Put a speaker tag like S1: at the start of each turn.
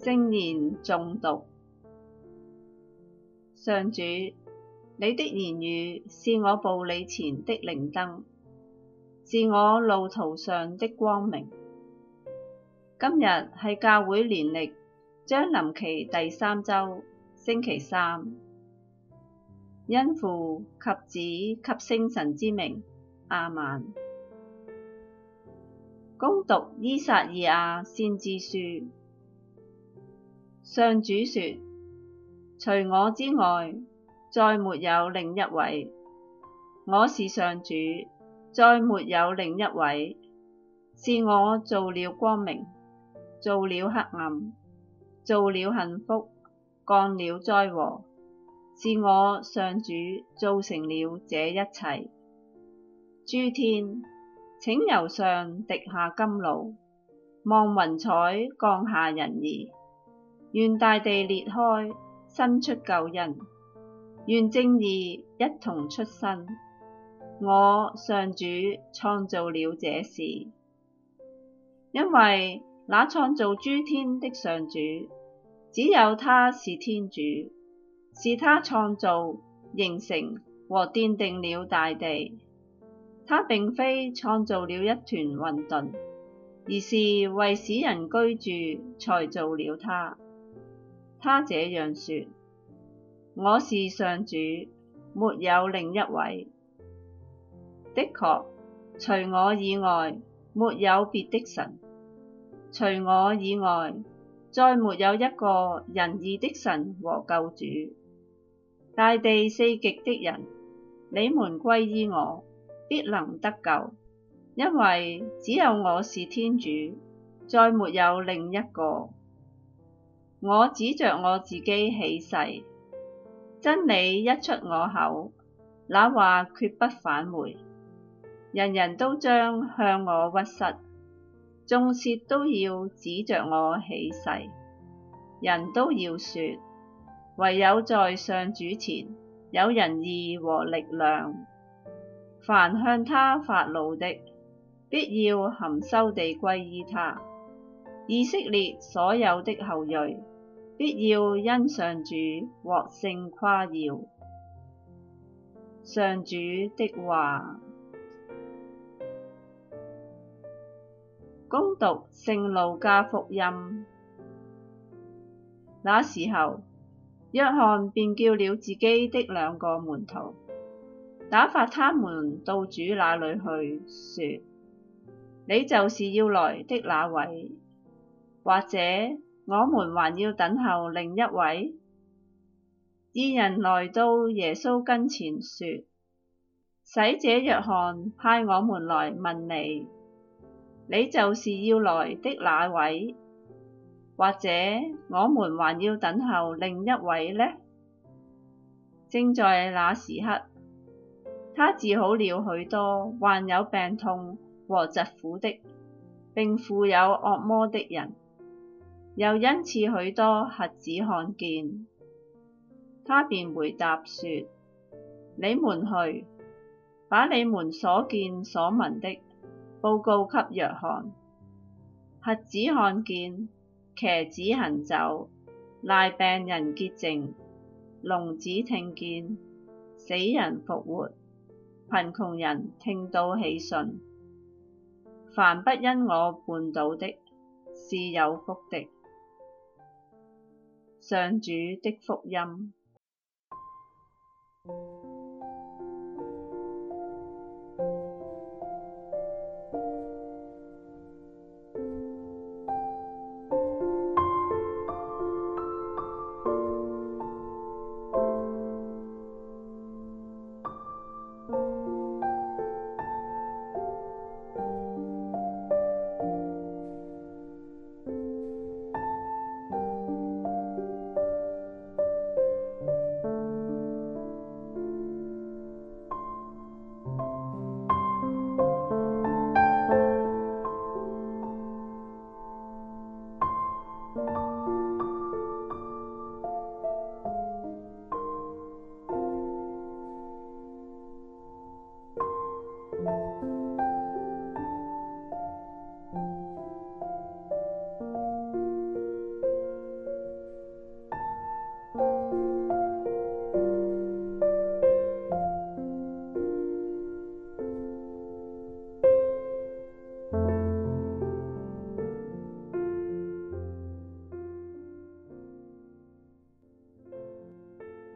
S1: 聖言誦讀上主，你的言語是我步履前的靈燈，是我路途上的光明。今日係教會年曆將臨期第三周，星期三，因父及子及聖神之名，阿曼。恭讀《依撒意亞先知書》。上主說：除我之外，再沒有另一位。我是上主，再沒有另一位。是我造了光明，造了黑暗，造了幸福，降了災禍。是我上主造成了這一切。諸天，請由上滴下甘露，望雲彩降下仁義。願大地裂開，生出救恩；願正義一同出生。我上主創造了這事，因為那創造諸天的上主，只有他是天主，是他創造、形成和奠定了大地。他並非創造了一團混沌，而是為使人居住才造了他。他這樣說：我是上主，沒有另一位。的確，除我以外，沒有別的神；除我以外，再沒有一個仁義的神和救主。大地四極的人，你們歸依我，必能得救，因為只有我是天主，再沒有另一個。我指着我自己起誓，真理一出我口，那話決不返回。人人都將向我屈膝，眾舌都要指着我起誓，人都要說：唯有在上主前有仁義和力量，凡向他發怒的，必要含羞地歸依他。以色列所有的後裔，必要因上主獲勝誇耀。上主的話，恭讀聖路加福音。那時候，若翰便叫了自己的兩個門徒，打發他們到主那裏去，說：你就是要來的那位。或者我們還要等候另一位？二人來到耶穌跟前說，説：洗者若翰派我們來問你，你就是要來的那位？或者我們還要等候另一位呢？正在那時刻，他治好了許多患有病痛和疾苦的，並附有惡魔的人。又恩賜許多瞎子看見，他便回答說：你們去，把你們所見所聞的報告給若翰。瞎子看見，瘸子行走，癩病人潔淨，聾子聽見，死人復活，貧窮人聽到喜訊。凡不因我絆倒的，是有福的。上主的福音。